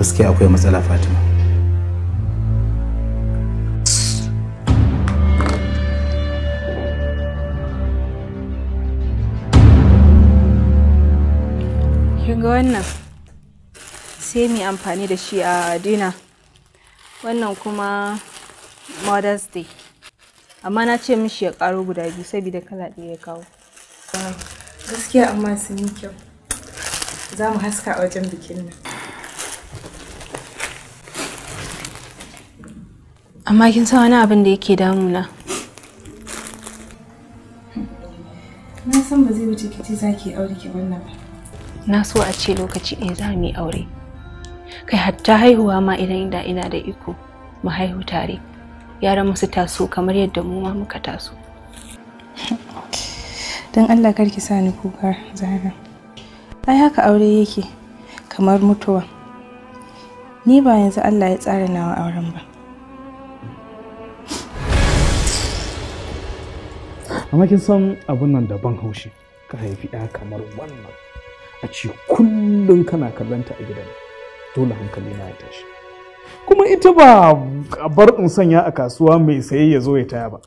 gaskiya akwai matsala fatima ga wannan sai mu amfani da shi a dina wannan kuma mother's day amma na ce mishi ya karo guda biyu saboda kala ɗaya ya kawo gaskiya amma sun yi kyau za mu haska a wajen bikin nan Amma kin san wani abin da yake damuna. Na san ba zai wuce kici za ki aure ki wannan ba. Na so a ce lokaci ɗaya za mu yi aure. Kai hatta haihuwa ma idan da ina da iko mu haihu tare. Yaran musu taso kamar yadda mu ma muka taso. Don Allah kar ki sa ni kuka zara Ai haka aure yake kamar mutuwa. Ni ba yanzu Allah ya tsara nawa auren ba. amma kin san abun nan da ban haushi ka haifi ɗaya kamar wannan a ce kullum kana kallonta a gidan dole hankali na ya tashi kuma ita ba a bar in sanya a kasuwa mai saye ya zo ya taya ba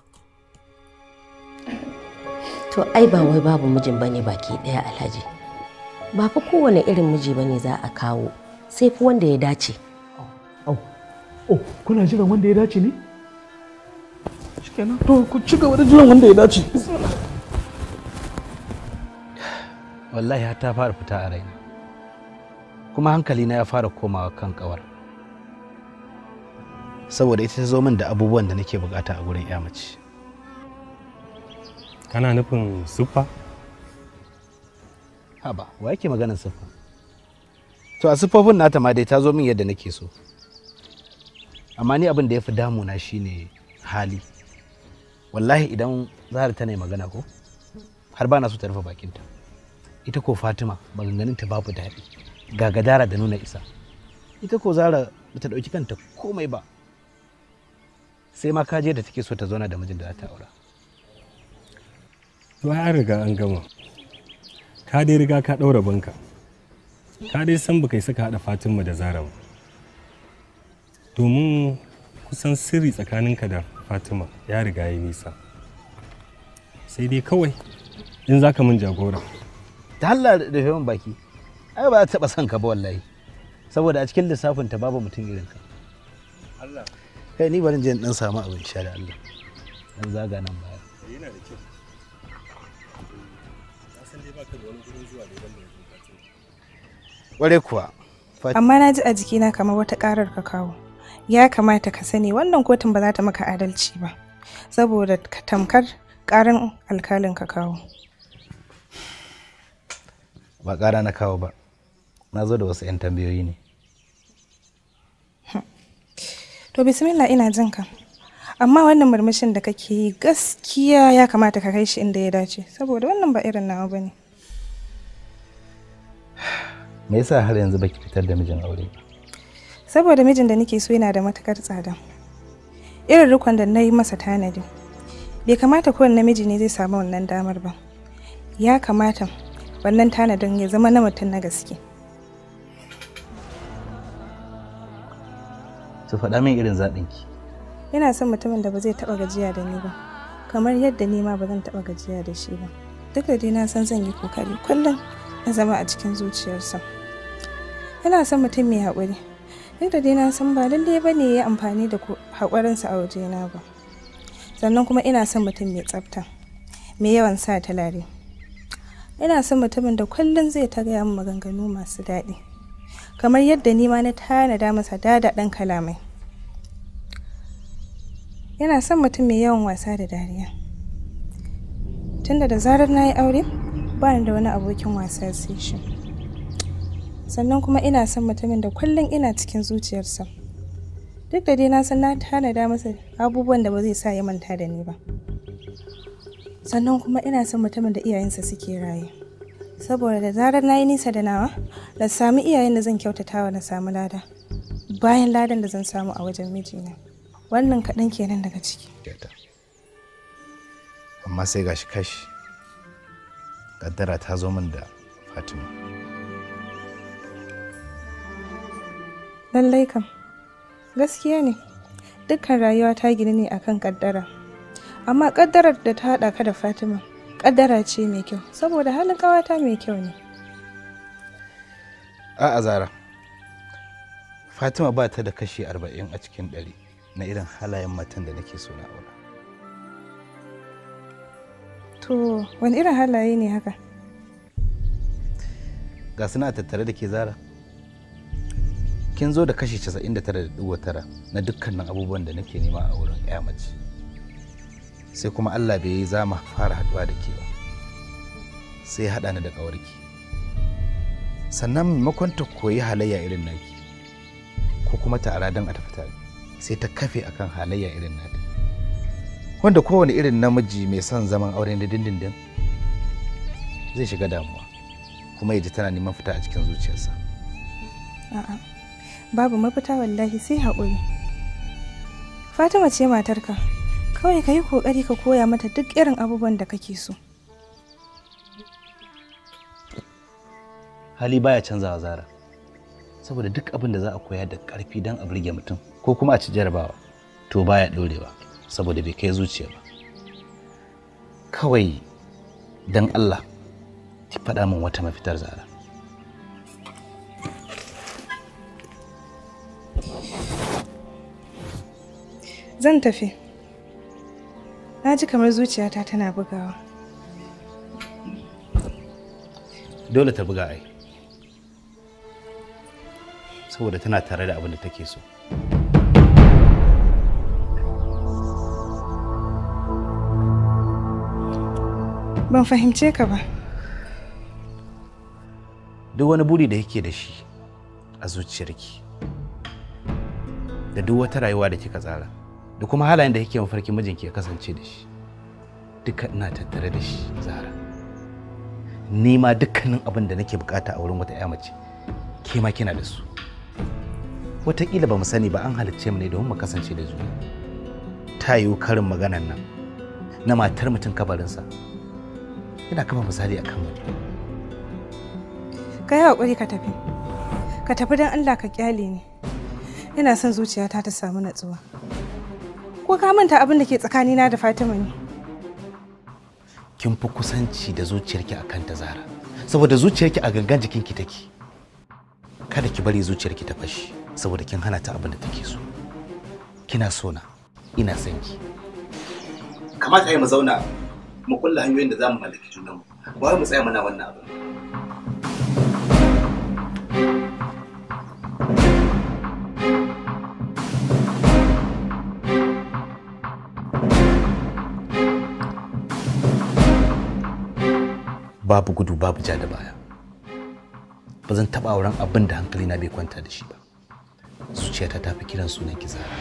to ai ba wai babu mijin bane baki ɗaya alhaji ba fa kowane irin miji bane za a kawo sai fi wanda ya dace oh, oh, oh, kuna jiran wanda ya dace ne shikenan to ku ci gaba da jiran wanda ya dace wallahi har ta fara fita a raina kuma hankali na ya fara komawa kan kawar saboda ita ta zo min da abubuwan da nake bukata a gurin ya mace kana nufin siffa haba wa yake maganin siffa to a siffofin nata ma dai ta zo min yadda nake so amma ni abin da ya fi damuna shine hali wallahi idan zahar tana magana ko har ba na so ta rufe bakinta ita ko fatima ta babu daɗi ga gadara da nuna isa ita ko zara ba ta ɗauki kanta komai ba sai ma kaje da take so ta zauna da mijin da za ta aura to ai riga an gama ka dai riga ka ɗaura banka ka dai san baka saka haɗa fatima da zara ba domin kusan sirri tsakaninka da fatima ya riga ya nisa sai dai kawai in za ka min jagora ta halla da yawan baki ai ba za ta taɓa son ka ba wallahi saboda a cikin lissafin ta babu mutum irin ka Allah kai ni barin je in dan samu abin sha da Allah dan zaga nan baya yana da kyau san dai baka da wani gurin zuwa da idan da kuwa amma na ji a jikina kamar wata karar ka kawo ya kamata ka sani wannan kotun ba za ta maka adalci ba saboda tamkar karin alkalin ka kawo ba kara na kawo ba na zo da wasu 'yan tambayoyi ne hmm. to bismillah ina jin ka amma wannan murmushin da kake yi gaskiya ya kamata ka kai shi inda ya dace saboda wannan ba irin nawa ne. me yasa har yanzu baki fitar da mijin aure ba saboda mijin da nake so yana da matukar tsada irin rukun da na yi masa tanadi bai kamata kowane namiji ne zai samu wannan damar ba ya kamata wannan tanadin ya zama na mutum na gaske to faɗa min irin ki. yana son mutumin da ba zai taɓa gajiya da ni ba kamar yadda ni ma ba zan taɓa gajiya da shi ba duk da dai na san zan yi kokari kullum na zama a cikin zuciyarsa yana son mutum mai haƙuri duk da dai na san ba lallai ba ne ya amfani da haƙwarinsa a waje na ba sannan kuma ina son mutum mai tsafta mai yawan sa talare ina son mutumin da kullum zai ta gaya min maganganu masu daɗi kamar yadda ni ma na tanada masa dada ɗan kalamai Ina son mutum mai yawan wasa da dariya tunda da zarar na yi aure ba ni da wani abokin wasa sai shi sannan kuma ina son mutumin da kullum ina cikin zuciyarsa duk da dai na san na tanada masa abubuwan da ba zai sa ya manta da ni ba sannan kuma ina son mutumin da iyayensa suke raye saboda da zarar na yi nisa da nawa na sami iyayen da zan kyautatawa na samu lada bayan ladan da zan samu a wajen mijina wannan kaɗan kenan daga ciki amma sai gashi kashi ƙaddara ta zo min da fatima lallai kam gaskiya ne dukkan rayuwa ta gini ne akan kaddara amma kaddarar da ta haɗa ka da fatima kaddara ce mai kyau saboda halin kawata mai kyau ne a'a zara fatima ba ta da kashi arba'in a cikin ɗari na irin halayen matan da nake so na aura to wani irin halaye ne haka ga suna tattare da ke zara kin zo da kashi 99.9 na dukkanin abubuwan da nake nema a wurin ya mace sai kuma Allah bai yi zama fara haduwa da ke ba sai haɗa ni da ƙawarki sannan maimakon ta koyi halayya irin naki ko kuma ta aradan a tafita sai ta kafe akan halayya irin nata wanda kowane irin namiji mai son zaman auren da dindindin zai shiga damuwa kuma ya ji tana neman fita a cikin zuciyarsa. A'a. babu mafita wallahi sai haƙuri fatima ce matarka kawai ka yi ƙoƙari ka koya mata duk irin abubuwan da kake so hali baya canzawa zara saboda duk abin da za a koya da ƙarfi don a burge mutum ko kuma a ci jarabawa to baya ɗorewa saboda bai kai zuciya ba kawai don allah ki faɗa min wata mafitar zara Zan tafi. Na ji kamar zuciyata tana bugawa. Dole ta buga ai. Saboda tana tare da abin da take so. Ban fahimce ka ba. Duk wani buri da yake da shi a zuciyarki. da duk wata rayuwa da kika tsara da kuma halayen da kike mafarki mijinki ya kasance da shi duka ina tattare da shi zara ni ma dukkanin abin da nake bukata a wurin wata 'ya mace ke ma kina da su wataƙila ba mu sani ba an halicce mu ne domin mu kasance da juna ta yiwu karin maganan nan na matar mutum kabarinsa yana kafa misali akan mu ka yi haƙuri ka tafi ka tafi don allah ka kyale ni Ina son zuciyata ta samu natsuwa. Ko ka manta abin da ke tsakanina da Fatima ne? Kin fi kusanci da zuciyarki akan ta Zara. Saboda zuciyarki a gangan jikinki take. Kada ki bari zuciyarki ta fashi saboda kin hana ta abin da take so. Kina so na, ina son ki. Kamata yi mu zauna mu kulla hanyoyin da zamu mallaki junanmu. Ba mu tsaya muna wannan abin. thank you babu gudu babu ja da baya bazan zan taɓa auren abin da hankalina bai kwanta da shi ba zuciyata ta fi kiran sunan ki zara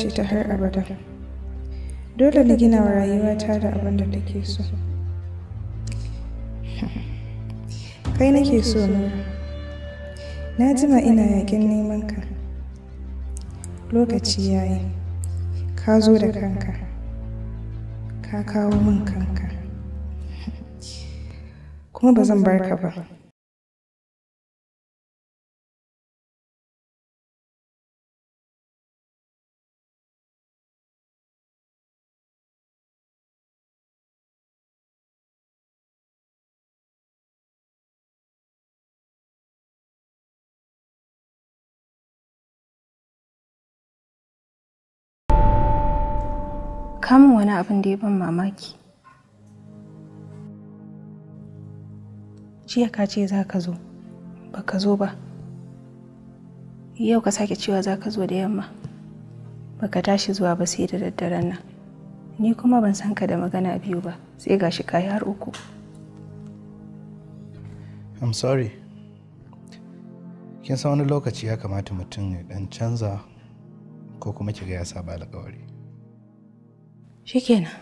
ce ta har abada dole na gina wa rayuwata da abin da take so kai nake so ne na jima ina yakin neman ka lokaci ya yi ka zo da kanka ka kawo min kanka kuma ba zan bar ka ba kamun wani abin da ya ban mamaki jiya ka ce za ka zo ba ka zo ba yau ka sake cewa za ka zo da yamma ba ka tashi zuwa ba sai da daddaren nan ni kuma ban san ka da magana biyu ba sai ga shi kayi har uku i'm sorry kin san wani lokaci ya kamata mutum ya dan canza ko kuma kiga ya saba alƙawari shikenan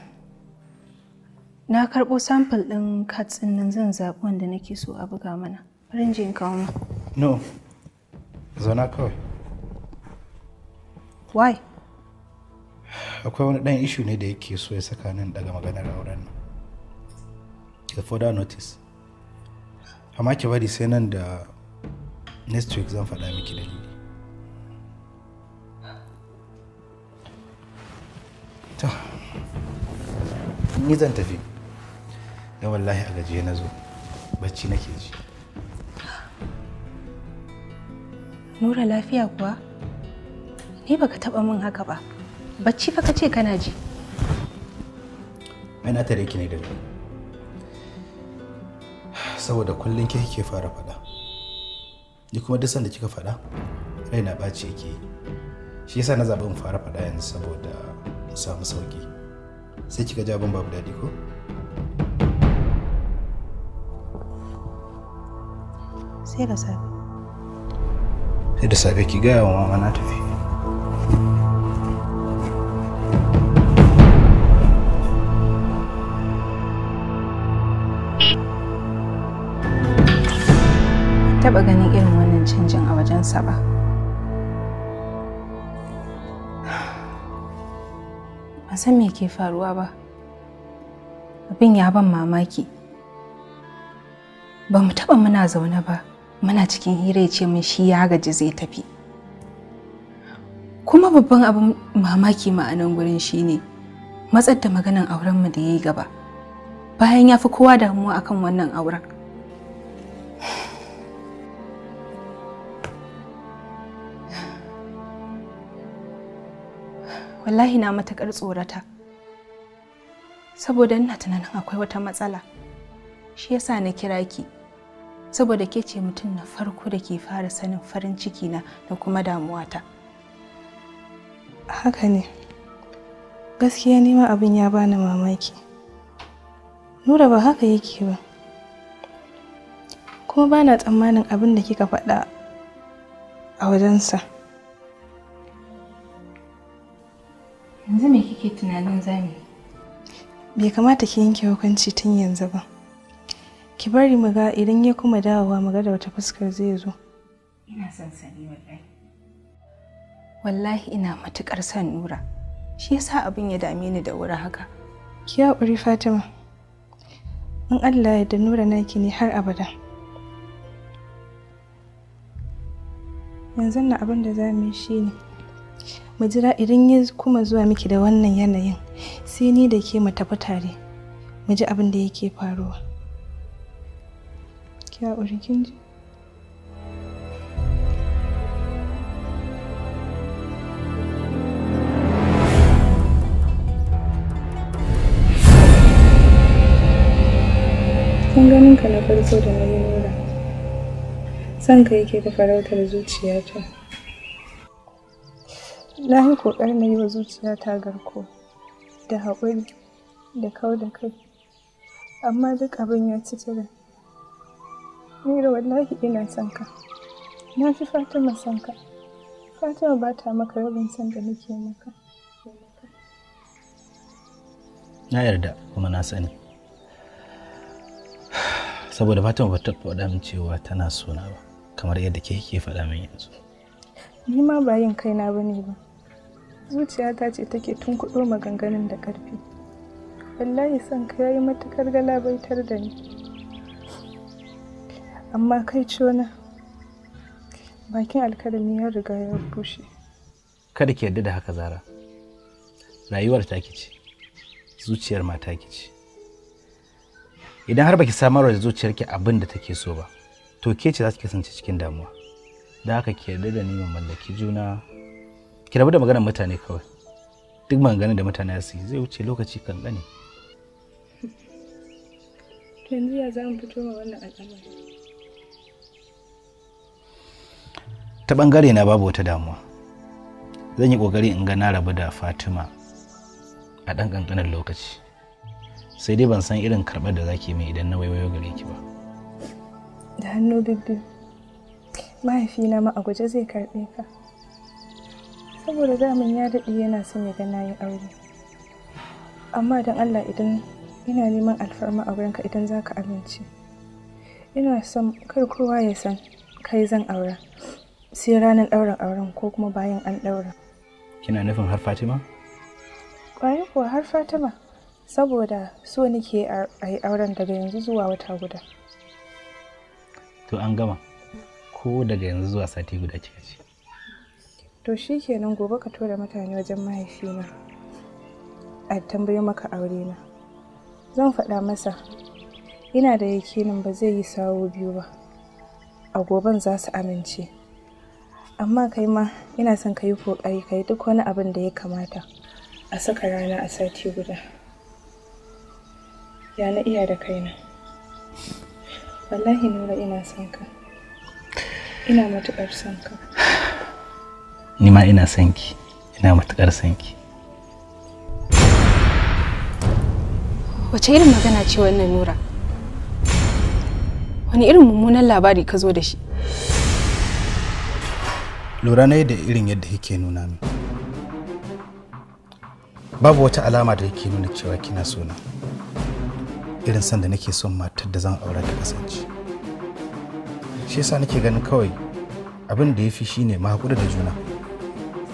na karbo sample ɗin cats din nan zan zaɓi wanda nake so a buga mana farin jin kawo no zauna kawai why akwai wani dan ishu ne da yake so ya saka nan daga maganar auren nan the further notice amma ki bari sai nan da next week zan faɗa miki da to ni zan tafi don wallahi a gajiye na zo bacci nake ji nura lafiya kuwa ni baka taba min haka ba bacci fa kace kana ji mai na tare ki ne da saboda kullun ke kike fara fada ni kuma duk sanda kika fada raina na yake yi shi yasa na zaɓi in fara fada yanzu saboda samu sauki sai kika ji abin babu dadi ko sai da safe sai da safe ki gaya wa mama na tafi taɓa ganin irin wannan canjin a wajensa ba. san me ke faruwa ba abin ya ban mamaki ba mu taɓa muna zaune ba muna cikin hira ya ce min shi ya gaji zai tafi kuma babban abin mamaki ma'anan gurin shine matsar da maganan aurenmu da ya yi gaba bayan ya fi kowa damuwa akan wannan auren wallahi na matakar tsorata saboda ina tunanin akwai wata matsala shi yasa na kira ki saboda ke ce mutum na farko da ke fara sanin farin ciki na da kuma damuwata haka ne gaskiya nema abin ya bani mamaki nura ba haka yake ba kuma bana tsammanin abin da kika faɗa a wajensa. Yanzu me kike tunanin zami? Bai kamata ki yanke hukunci tun yanzu ba. Ki bari mu ga idan ya kuma dawowa mu ga da wata fuskar zai zo. Ina son sani wallahi. Wallahi ina matukar son Nura. Shi yasa abin ya dame ni da wuri haka. Ki haƙuri Fatima. In Allah ya da Nura naki ne har abada. Yanzu na abin da za mu yi shi ne. mu jira idan ya kuma zuwa miki da wannan yanayin sai ni da ke mu tafi tare mu ji abin da yake faruwa kiya urikin ji kun ganin ka na farko da na yi san ka yake ta farautar zuciyata na yi kokar na yi wa zuciya ta garko da haƙuri da kau da kai amma duk abin ya ci tura nira wallahi ina son ka na fi fatima son ka fatima ba ta maka rabin son da nake maka na yarda kuma na sani saboda fatima ba ta faɗa min cewa tana sona ba kamar yadda ke ke faɗa min yanzu ni ma ba yin kaina ne ba zuciyata ce take tunkuɗo maganganun da ƙarfi wallahi son ka yayi matukar galabaitar da ni amma kai ciwona bakin alkalami ya riga ya bushe kada ki yarda da haka zara rayuwar ta kici zuciyar ma taki idan har baki samar da zuciyarki abin da take so ba to ke ce za ki kasance cikin damuwa da haka ki yarda da ni mu mallaki juna ki rabu da maganar mutane kawai duk maganar da mutane su yi zai wuce lokaci kankani yanzu ya za mu fito ma wannan al'amari ta bangare na babu wata damuwa zan yi kokari in ga na rabu da fatima a ɗan ƙanƙanin lokaci sai dai ban san irin karɓar da zaki mai idan na waiwayo gare ki ba da hannu bibbiyu mahaifina ma a guje zai karɓe ka saboda daman ya daɗe yana son ya ga na yi aure amma don allah idan ina neman alfarma a wurinka idan za ka amince ina son kar kowa ya san kai zan aura sai ranar ɗaurin auren ko kuma bayan an ɗaura kina nufin har fatima ƙwarai kuwa har fatima saboda so nake a yi auren daga yanzu zuwa wata guda to an gama ko daga yanzu zuwa sati guda kika ce to shi kenan gobe ka tura mutane wajen mahaifina a tambayo maka aure na zan faɗa masa ina da yakinin ba zai yi sawo biyu ba a goben za su amince amma kai ma ina son ka yi ƙoƙari ka yi duk wani abin da ya kamata a saka rana a sati guda ya na iya da kaina wallahi nura ina son ka ina matuƙar son ka ni ma ina son ki ina matukar son ki wace irin magana ce wannan nura wani irin mummunan labari ka zo da shi lura na da irin yadda kike nuna min babu wata alama da yake nuna cewa kina sona irin son da nake son matar da zan aura ta kasance shi yasa nake ganin kawai abin da ya fi shine ma da juna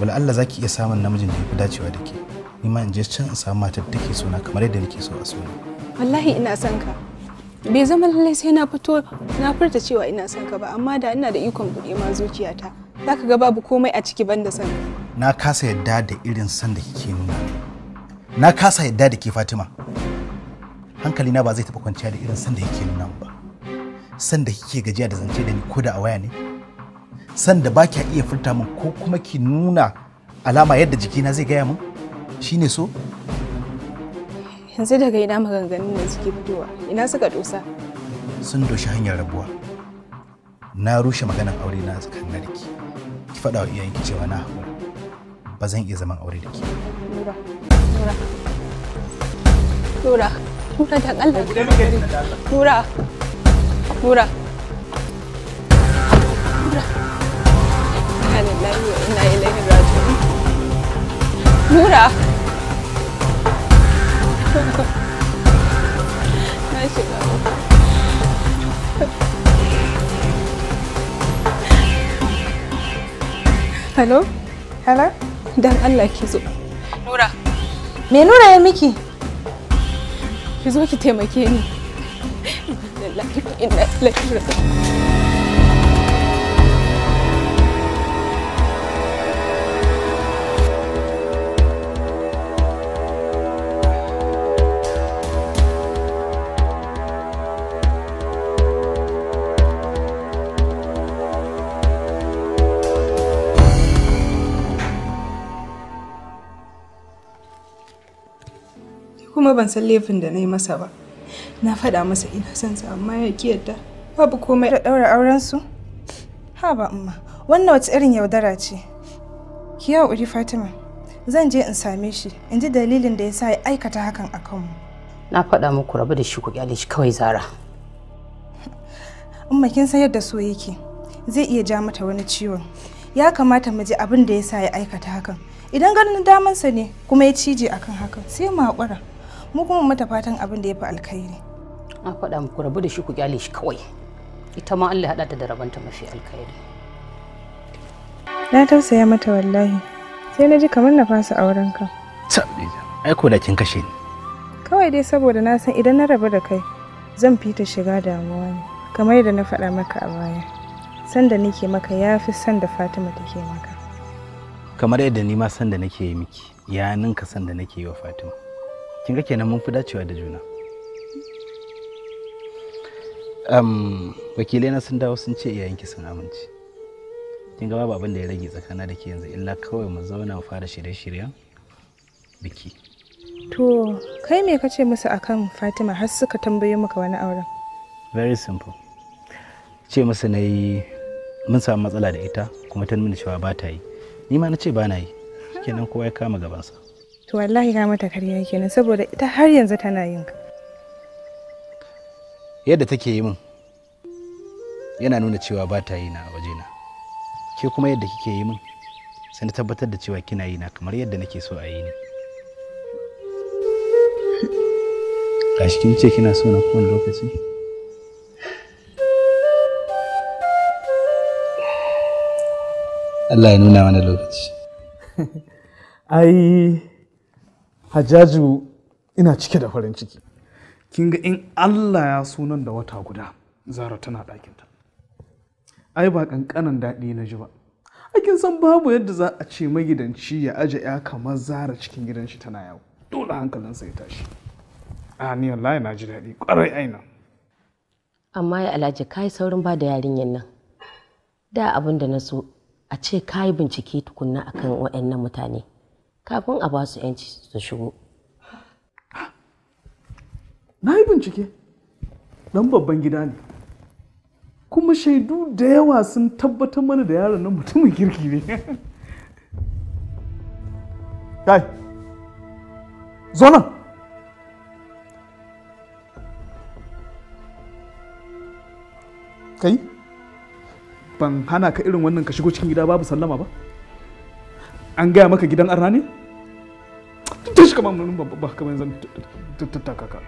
wala Allah zaki iya samun namijin da yafi dacewa da ke ni ma in je can in samu matar da ke so na kamar yadda nake so a so wallahi ina son ka bai zama lallai sai na fito na furta cewa ina son ka ba amma da ina da ikon buɗe ma zuciyata zaka ga babu komai a ciki banda son na kasa yadda da irin son da kike nuna na kasa yadda da ke Fatima hankali na ba zai taba kwanciya da irin son da kike nuna ba san da kike gajiya da zance da ni ko da a waya ne sanda ba kya iya furta min ko kuma ki nuna alama yadda jikina zai gaya min shine so yanzu daga ina maganganun da suke fitowa ina suka dosa sun doshi hanyar rabuwa na rushe maganar aure na tsakanin da ki ki faɗa wa iyayenki cewa na haƙura ba zan iya zaman aure da ke Nura Nura Nura Nura dan Allah Nura Nura Nura lillahi wa inna ilaihi hello hello dan Allah ki zo nura me nura ya miki ki zo ki taimake ni inna lillahi wa inna ilaihi raji'un kuma ban san laifin da na yi masa ba na faɗa masa ina son sa amma ya ki yadda babu komai da ɗaura auren su ha ba amma wannan wace irin yaudara ce ki ya uri fatima zan je in same shi in ji dalilin da yasa sa ya aikata hakan a kanmu na faɗa muku rabu da shi ku kyale shi kawai zara umma kin san yadda so yake zai iya ja mata wani ciwon ya kamata mu ji abin da ya sa ya aikata hakan idan ganin damansa ne kuma ya cije akan hakan sai mu haƙura mu kuma mata fatan abin da ya fi alkhairi a faɗa muku rabu da shi ku kyale shi kawai ita ma Allah haɗa ta da rabanta mafi alkhairi na tausaya mata wallahi sai na ji kamar na fasa auren ka ai ko da kin kashe ni kawai dai saboda na san idan na rabu da kai zan fita shiga damuwa ne kamar yadda na faɗa maka a baya san da nake maka ya fi da fatima take maka kamar yadda ni ma san da nake yi miki ya ninka san da nake yi wa fatima kin ga kenan mun fi dacewa da juna um, wakilai na sun dawo sun ce iyayenki sun amince kin ga babu abin da ya rage tsakana da ke yanzu illa kawai mu zauna mu fara shirye-shiryen biki to kai me kace musu akan fatima har suka tambaye maka wani auren very simple ce musu na yi mun samu matsala da ita kuma ta nuna cewa ba ta yi ni ma na ce ba na yi kenan kowa ya kama gabansa to wallahi ka mata karya kenan saboda ita har yanzu tana yin ka yadda take yi min yana nuna cewa ba ta yi na a wajena ke kuma yadda kike yi min sai na tabbatar da cewa kina yi na kamar yadda nake so a yi ni a cikin ce kina so na kowane lokaci Allah ya nuna wani lokaci ai hajjaju ina cike da farin ciki kin ga in allah ya sunan da wata guda zara tana ɗakinta ai ba ƙanƙanan daɗi na ji ba kin san babu yadda za a ce magidanci ya aje ya kamar zara cikin gidan shi tana yawo dole hankalinsa ya tashi a ni wallahi na ji daɗi ƙwarai aina amma ya alhaji kai saurin ba da yarinyan nan da abin da na so a ce kai bincike tukunna akan waɗannan mutane kafin a ba su 'yanci su shigo. Na yi bincike, ɗan babban gida ne, kuma shaidu da yawa sun tabbatar mana da yaron nan mutumin kirki ne. Kai, zo Kai, ban hana ka irin wannan ka shigo cikin gida babu sallama ba? an gaya maka gidan arna ne tun shi kamar mulun ba kamar zan tattaka ka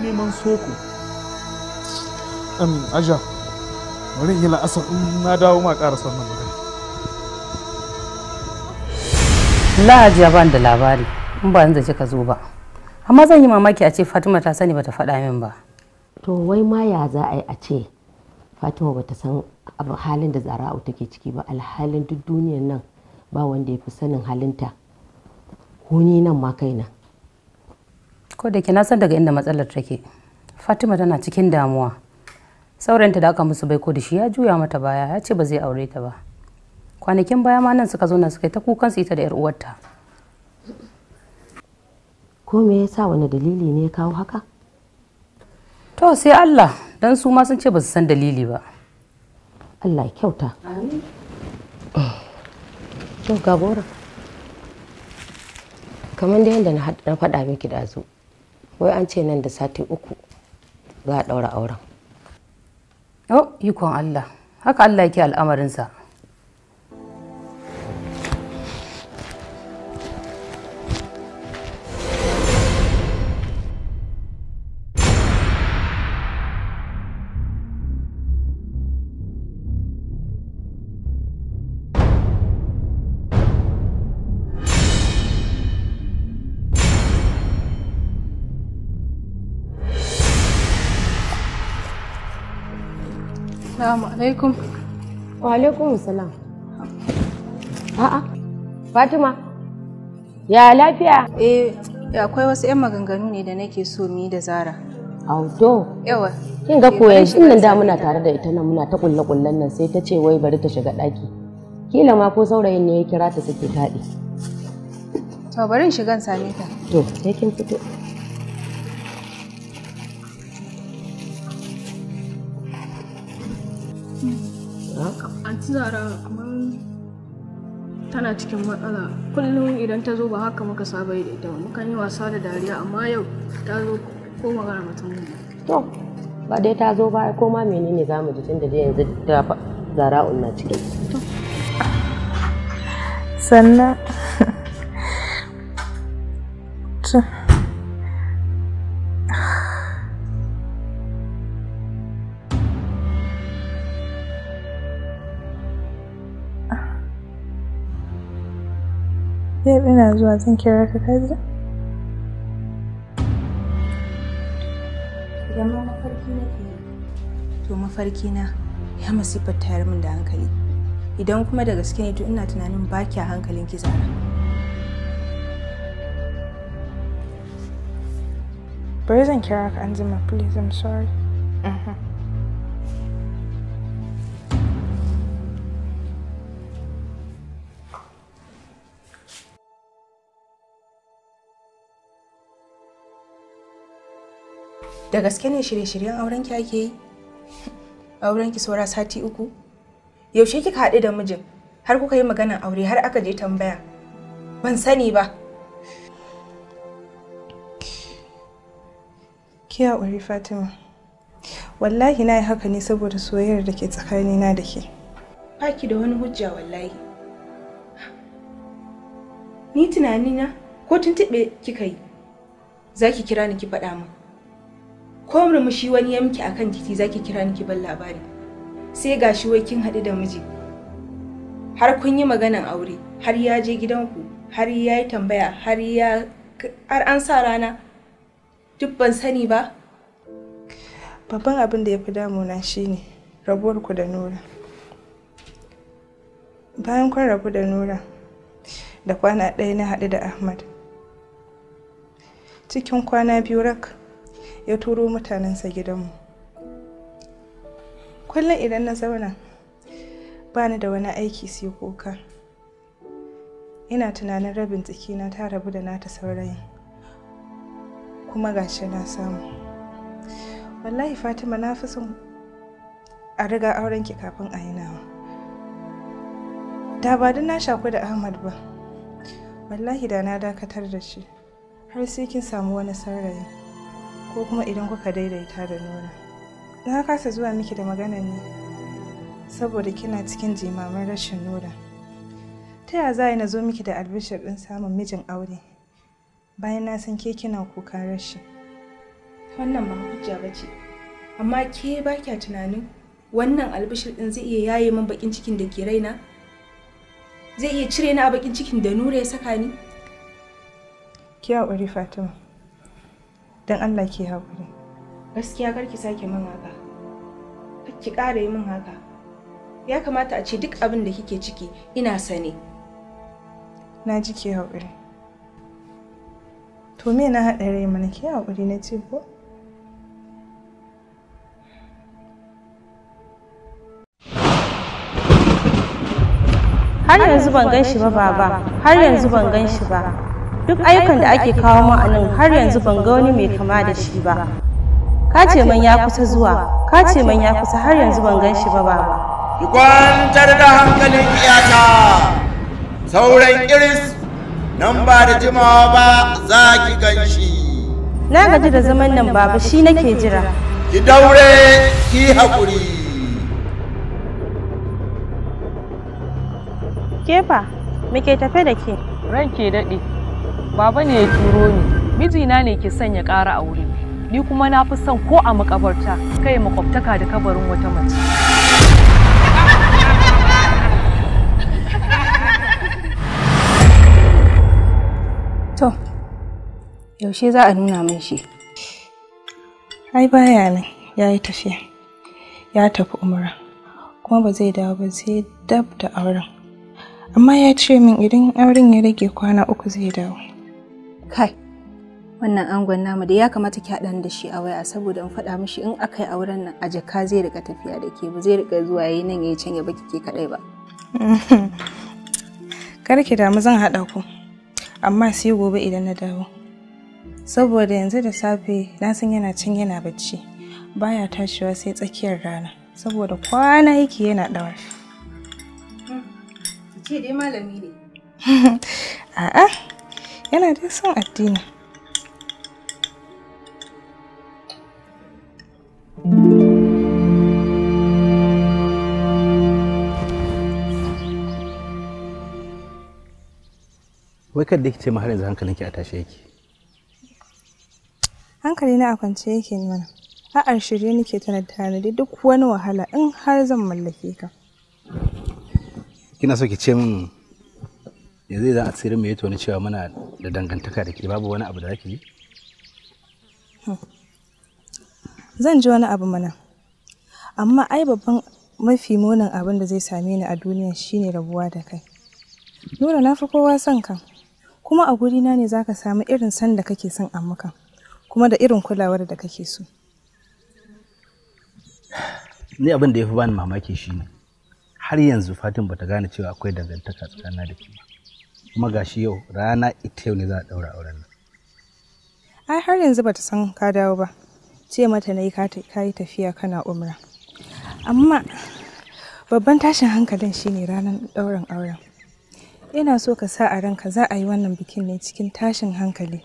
neman soko amin aja bari yi la'asar in na dawo ma ƙara sannan magana lahajiya ban da labari in ba yanzu kika zo ba amma zan yi mamaki a ce fatima ta sani bata faɗa min ba to wai ma ya za a yi a ce fatima bata san halin da zara zara'u take ciki ba alhalin duk duniyar nan ba wanda ya fi sanin halinta ta. nan ma kaina ko da ke na san daga inda matsalar take fatima tana cikin damuwa saurayinta da aka musu bai ko da shi ya juya mata baya ya ce ba zai aure ta ba kwanakin baya ma nan suka zo na suka yi ta kukan su ita da yar uwarta ko me yasa wani dalili ne ya kawo haka to sai Allah dan su ma sun ce ba su san dalili ba Allah ya kyauta to gabora kamar da yadda na faɗa miki da zu wai an ce nan da sati uku za a ɗaura auren oh ikon Allah haka Allah yake al'amarinsa alaikum. Wa alaikum salam. A'a, Fatima, ya lafiya? Eh, akwai wasu 'yan maganganu ne da nake so mu yi da Zara. Auto. Yawa. Kin ga ko eh, yanzu nan da muna tare da ita nan muna ta kulle kullen nan sai ta ce wai bari ta shiga daki Kila ma ko saurayin ne ya kira ta suke tadi To bari shigan same ta. To, sai kin fito. zara kamar tana cikin matsala kullum idan ta zo ba haka muka saba da ita yi wasa da dariya amma yau ta zo ko magana mutum to ba dai ta zo ba ko ma menene za mu ji tun da yanzu ta zara unna cikin sannan Babe ina zuwa zan kira ka kaji? Idan ma mafarki nake yi, to mafarki na ya masifar tayar min da hankali. Idan kuma da gaske ne to ina tunanin ba a hankalin ki zara. Bari zan kira ka anjima please I'm sorry. Mm -hmm. Da gaske ne shirye-shiryen auren ki ake yi? Auren ki saura sati uku? Yaushe kika haɗu da mijin? Har kuka yi maganan aure har aka je tambaya. Ban sani ba. Ki haƙuri Fatima. Wallahi na yi haka ne saboda soyayyar da ke tsakanina da ke. Baki da wani hujja wallahi. Ni tunanina ko tuntuɓe kika yi. Za ki kira ni ki faɗa min. ko murmushi wani ya miki akan titi zaki kira ni ki ban labari sai gashi wai kin haɗu da miji har kun yi maganan aure har ya je gidanku har ya yi tambaya har ya har an sa rana duk ban sani ba babban abin da ya fi damuna shine rabuwar ku da nura bayan kun rabu da nura da kwana ɗaya na haɗu da ahmad cikin kwana biyu rak ya turo mutanensa gidanmu kullum idan na zauna ba ni da wani aiki sai kuka ina tunanin rabin tsikina ta rabu da nata saurayin kuma gashi na samu wallahi fatima na fi son a riga aurenki kafin a yi nawa da ba na shaku da ahmad ba wallahi da na dakatar da shi har sai kin samu wani saurayi ko kuma idan kuka daidaita da nuna na kasa zuwa miki da maganan ne saboda kina cikin jimamin rashin nuna ta ya za na zo miki da albishir ɗin samun mijin aure bayan na san ke kina kuka rashi wannan ba hujja ba ce amma ke ba kya tunanin wannan albishir ɗin zai iya yaye min bakin cikin da ke raina zai iya cire ni a bakin cikin da nura ya saka ni ki haƙuri fatima don Allah ki haƙuri gaskiya kar ki sake min haka kar ki ƙara yi min haka ya kamata a ce duk abin da kike ciki ina sane na ji ke haƙuri to me na haɗa rai mana ke haƙuri na ce ko har yanzu ban gan shi ba baba har yanzu ban gan shi ba duk ayyukan da ake kawo mu a nan har yanzu ban ga wani mai kama da shi ba ka ce man ya kusa zuwa ka ce man ya kusa har yanzu ban gan shi ba ba ki kwantar da hankalin iyata sauran iris nan ba da jimawa ba za ki gan shi na gaji da zaman nan baba shi nake jira ki daure ki haƙuri kefa muke tafe da ke ranke daɗe Baba ne ya turo ni, mijina ne ke sanya ƙara aure. Ni kuma na fi son ko a makabarta kai makwabtaka da kabarin wata mace. To, yaushe za a nuna min shi? Ai baya nan, ya yi tafiya. Ya tafi umra. kuma ba zai dawo ba sai dab da auren amma ya ce min idan auren ya rage kwana uku zai dawo kai wannan angon namu da ya kamata ki haɗa da shi a waya saboda in faɗa mishi in aka yi auren nan a jaka zai rika tafiya da ke ba zai rika zuwa yayi nan yayi can ya baki ke kaɗai ba. Kar ki damu zan haɗa ku amma sai gobe idan na dawo. Saboda yanzu da safe na san yana can yana bacci baya tashiwa sai tsakiyar rana saboda kwana yake yana ɗawar. Hmm, ce dai malami ne. A'a. yana dai son addini wai kadda yake ce ma har yanzu hankalinki a tashe yake hankali na a kwance yake ne mana a shirye nake tana da duk wani wahala in har zan mallake ka kina so ki ce min yanzu za a tsirin mu ya toni cewa muna da dangantaka da ke babu wani abu da zaki yi hmm. zan ji wani abu mana amma ai babban mafi munin abin da zai same ni a duniya shine rabuwa da kai nura na fi kowa son ka kuma a gurina ne zaka samu irin san da kake son amuka, kuma da irin kulawar da kake so ni abin da ya fi bani mamaki shine har yanzu fatin bata gane cewa akwai dangantaka tsakanin da ke ba kuma shi yau rana ita yau ne za a daura auren nan ai har yanzu bata san ka dawo ba ce mata nayi ka yi tafiya kana umra amma babban tashin hankalin shine ranar dauran auren ina so ka sa a ranka za a yi wannan bikin ne cikin tashin hankali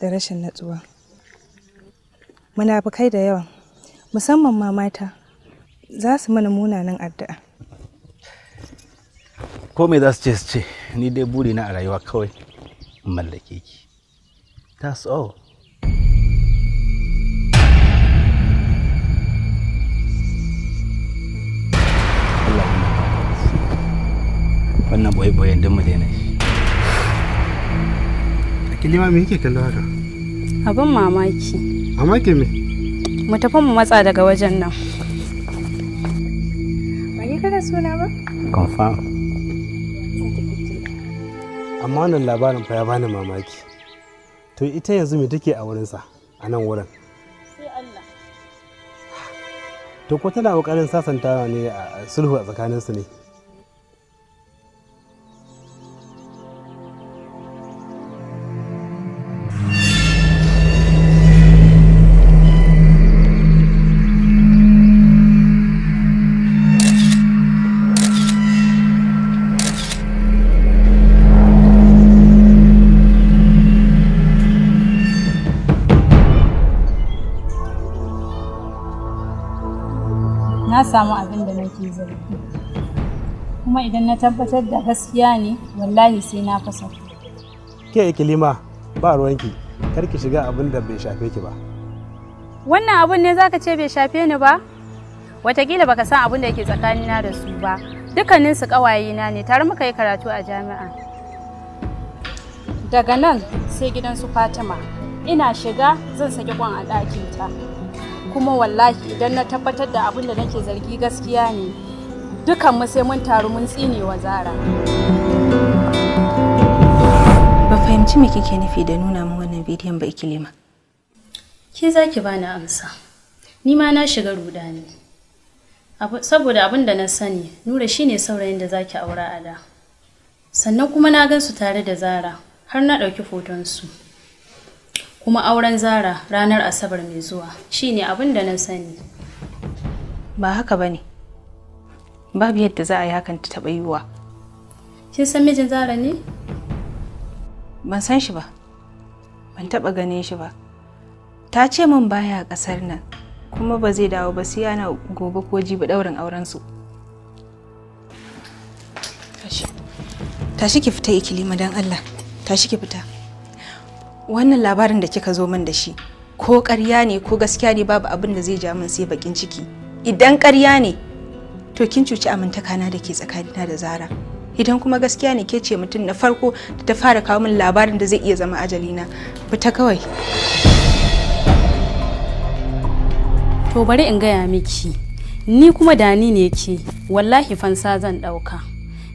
da rashin natsuwa munafukai da yawa musamman ma mata za su mana munanan addu'a ko me za su ce su ce ni dai buri na a rayuwa kawai in mallake ki that's all wannan boye-boyen din mu daina shi a kilima me yake kallo haka abin mamaki mamaki me mu tafi mu matsa daga wajen nan ba ni kada suna ba confirm amma wannan labarin fa ya bani mamaki to ita yanzu me take a wurinsa a nan wurin to ko tana kokarin sasantawa ne a sulhu a tsakaninsu ne samu abin da nake zargi kuma idan na tabbatar da gaskiya ne wallahi sai na fasa ke ikilima ba ruwanki karki shiga abin da bai shafe ki ba wannan abin ne zaka ce bai shafe ni ba watakila baka san abin da yake tsakanina da su ba dukkanin su kawayena ne tare muka yi karatu a jami'a daga nan sai gidan su fatima ina shiga zan saki kwan a ɗakinta. ta kuma wallahi idan na tabbatar da abin da nake zargi gaskiya ne dukan mu sai mun taru mun tsine wa zara ba fahimci me kike nufi da nuna min wannan bidiyon ba ikilima ke zaki bani amsa ni ma na shiga rudani saboda abin da na sani nura shine saurayin da zaki aura ada sannan kuma na gan su tare da zara har na ɗauki foton su kuma auren zara ranar asabar mai zuwa shine abin da na sani ba haka ba ne babu yadda za a yi hakan ta taɓa yiwuwa kin san mijin zara ne ban san shi ba ban taɓa ganin shi ba ta ce min baya a ƙasar nan kuma ba zai dawo ba sai yana gobe ko jibi ɗaurin aurensu tashi ki fita ikilima don allah tashi ki fita wannan labarin da kika zo min da shi ko ƙarya ne ko gaskiya ne babu abin da zai ja min sai bakin ciki idan ƙarya ne to kin cuci amintakana da ke tsakanina da zara idan kuma gaskiya ne ke ce mutum na farko da ta fara kawo min labarin da zai iya zama ajalina fita kawai to bari in gaya miki ni kuma dani ne ke wallahi fansa zan ɗauka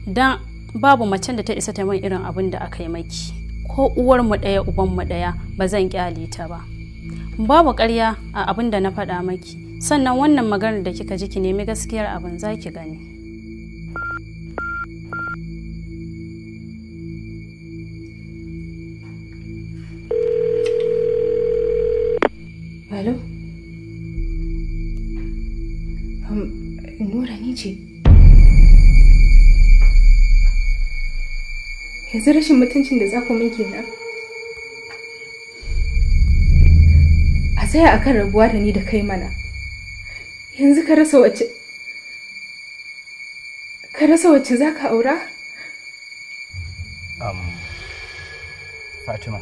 don babu macen da ta isa ta min irin abin da aka yi maki ko uwarmu ɗaya mu ɗaya ba zan kyale ta ba babu ƙarya a abin da na faɗa maki sannan wannan maganar da kika ji ki nemi gaskiyar abin za ki gani Hello? Um, Nora, ni yanzu rashin mutuncin da za ku min kenan a tsaya akan rabuwa da ni da kai mana yanzu ka rasa wacce ka rasa wace za ka aura? Um, fatima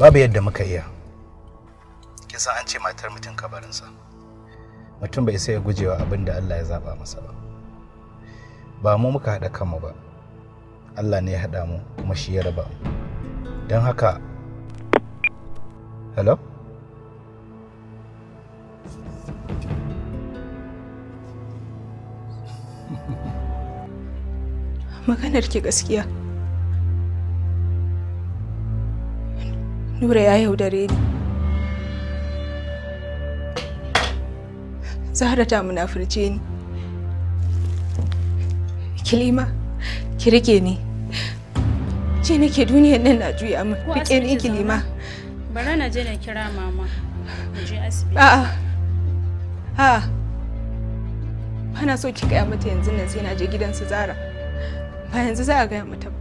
babu yadda muka iya san an ce matar mutum kabarinsa mutum bai sai ya gujewa abin da allah ya zaba masa ba ba mu muka haɗa kanmu ba Allah ne ya haɗa mu kuma shi ya raba don haka hello maganar ki gaskiya nura ya yaudare ni zahra ta munafurce ni Kilima, ki rike ni. Ce nake duniyar nan na juya min. Rike ni Kilima. Bara na je na kira mama. Je asibiti. A'a. A'a. Bana so ki gaya mata yanzu nan sai na je gidan su Zara. Ba yanzu za a gaya mata ba.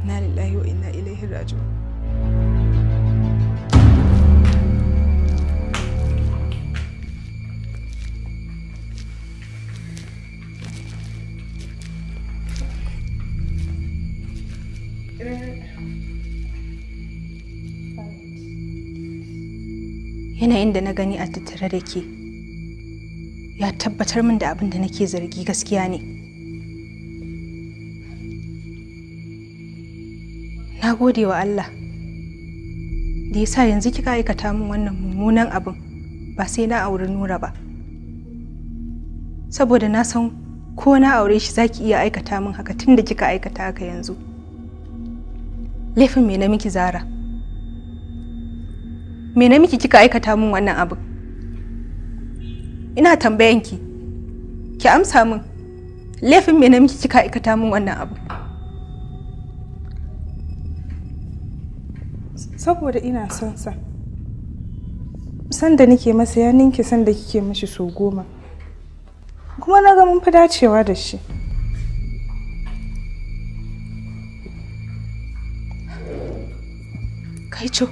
Inna lillahi wa inna ilaihi raji'un. yanayin da na gani a tattare da ke ya tabbatar min da abin da nake zargi gaskiya ne na gode wa allah da ya sa yanzu kika aikata min wannan mummunan abin ba sai na auri nura ba saboda na san ko na aure shi zaki iya aikata min haka tun da kika aikata haka yanzu laifin me na miki zara me na miki kika aikata min wannan abin ina tambayan ki ki amsa min laifin me na miki kika aikata min wannan abin saboda ina son sa san da nake masa ya ninki san da kike mashi so goma kuma na ga mun fi dacewa da shi kai co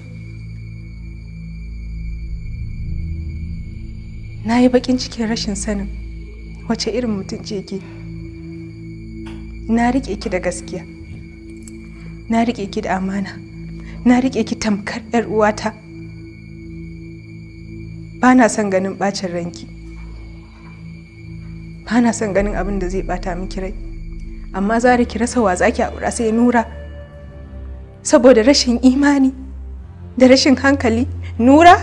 na yi bakin cikin rashin sanin wace irin mutum ce ke na rike ki da gaskiya na rike ki da amana na rike ki tamkar 'yar uwata ba na son ganin bacin ranki ba na son ganin abin da zai bata miki rai amma zara ki rasa wa zaki aura sai nura saboda rashin imani da rashin hankali nura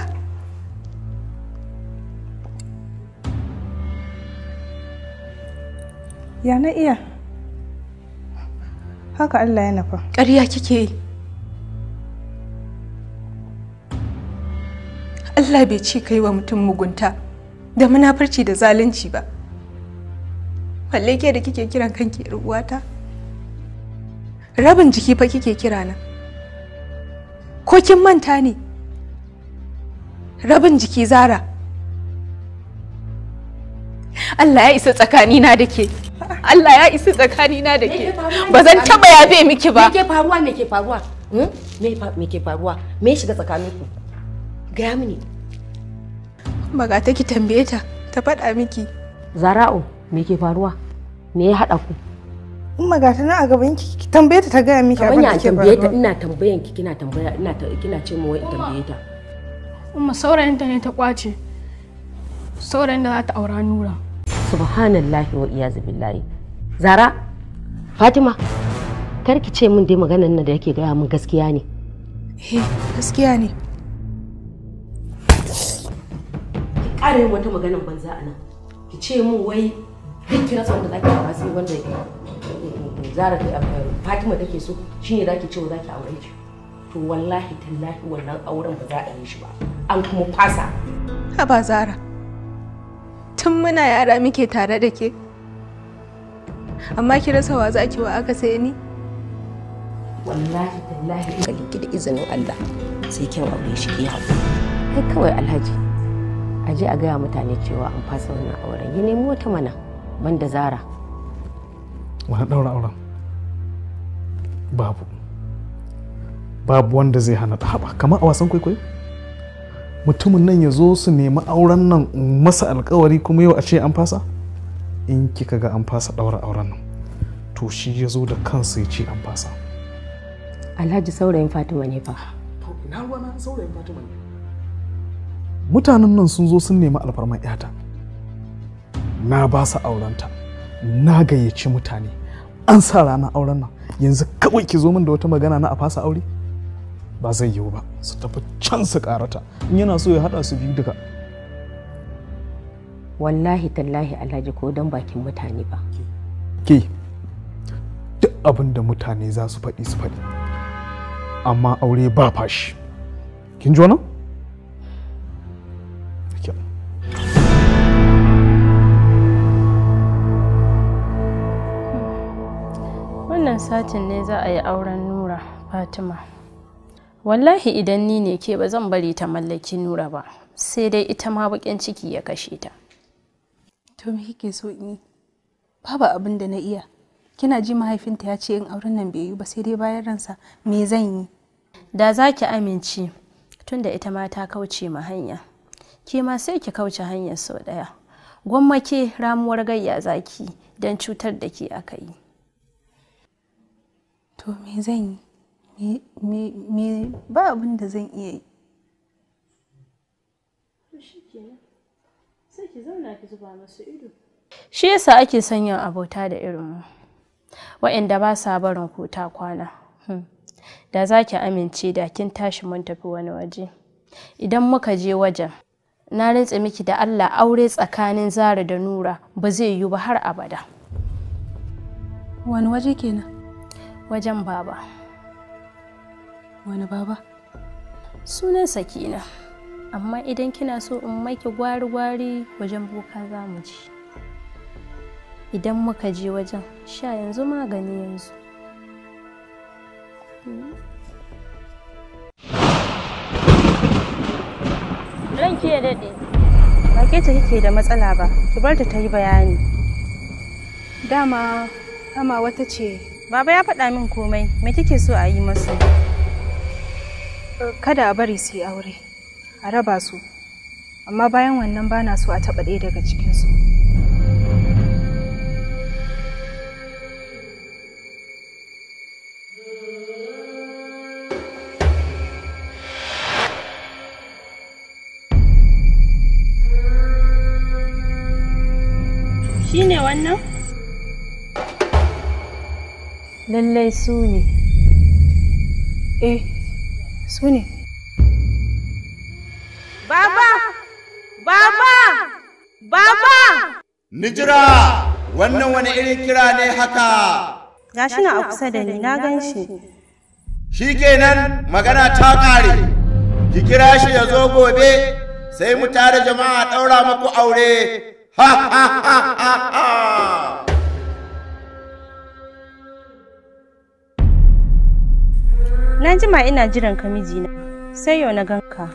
ya na iya haka Allah ya nufa ƙarya kike yi Allah bai ce kai wa mutum mugunta da munafarci da zalunci ba balle ke da kike kiran kanki uwata rabin jiki fa kike kira na ko kin manta ne rabin jiki zara Allah ya isa tsakanina da ke. Allah ya isa tsakanina da ke ba zan taba yafe miki ba me ke faruwa me ke faruwa hmm? me ke faruwa me shiga tsakaninku gaya mini ba ga ki tambaye ta ta faɗa miki zara'u me ke faruwa me ya haɗa ku in magata na a gaban ki tambaye ta ta gaya miki abin da ke faruwa ina tambayan ki kina tambaya ina kina ce mu wai tambaye ta umma saurayin ta ne ta kwace saurayin da za ta aura nura subhanallahi wa iyazu billahi zara fatima kar ki ce min dai maganan nan da yake gaya min gaskiya ne eh gaskiya ne ki kare wata maganan banza a nan ki ce min wai duk kira rasa wanda zaki ba sai wanda eh, zara ta eh, fatima take so shine zaki ce zaki aure ki. to wallahi tallahi wannan auren ba za a yi shi ba an kuma fasa ba zara tun muna yara muke tare da ke amma ki rasa wa za ki wa aka sai ni wallahi wallahi ka liki da izinin Allah sai kin aure shi ki haƙuri kai kawai alhaji a je a gaya mutane cewa an fasa wannan auren ya nemi wata mana banda zara wani daura auren babu babu wanda zai hana ta haɓa kamar a wasan kwaikwayo mutumin nan ya zo su nemi auren nan masa alkawari kuma yau a ce an fasa in kika ga an fasa ɗaura auren nan to shi ya zo da kansa ya ce an fasa alhaji saurayin fatima ne fa to ina na saurayin fatima ne mutanen nan sun zo sun nemi alfarman yata na ba su aurenta na gayyaci mutane an sa ranar auren nan yanzu kawai ki zo min da wata magana na a fasa aure ba zai yiwu ba su tafi can su karata in yana so ya haɗa su biyu duka wallahi tallahi alhaji ko don bakin mutane ba ke duk abin mutane za su faɗi su faɗi amma aure ba fashi kin ji wannan wannan satin ne za a yi auren nura fatima wallahi idan ni ne ke ba zan bari ta mallaki nura ba sai dai ita ma bakin ciki ya kashe ta to me kike so in yi babu abin da na iya kina ji mahaifinta ya ce in auren nan bai yi ba sai dai bayan ransa me zan yi da za ki amince tun da ita ma ta kauce ma hanya ke ma sai ki kauce hanyar sau ɗaya gwammake ramuwar gayya zaki don cutar da ke aka yi to me zan yi me ba abin da zan iya yi ki zauna ki zuba masu ido shi yasa ake son yin abota da irin mu Wa'inda ba sa barin ta kwana hmm. da za ki amince da kin tashi mun tafi wani waje idan muka je wajen na rantsa miki da Allah aure tsakanin Zara da Nura ba zai yiwu ba har abada. Wani waje kenan? Wajen baba. Wani baba? Sunan Sakina. amma idan kina so in maki gwari-gwari wajen boka za mu ci idan muka je wajen sha yanzu magani yanzu ranki ya daɗe ba ke ta kike da matsala ba ki bar ta ta yi bayani dama kama wata ce baba ya faɗa min komai me kike so a yi masu kada a bari su yi aure a raba su amma bayan wannan ba na so a taɓa ɗaya daga cikinsu shi ne wannan? lallai su ne eh su ne Baba! Baba! Nijira, Wannan wani irin kira ne haka? shi na kusa da ni na gan shi. Shi kenan magana ta ƙare. Ki kira shi ya zo gobe sai mu tare jama'a ɗaura maku aure. Ha ha ha ha ha! Na jima ina jiran ka mijina, sai yau na ganka.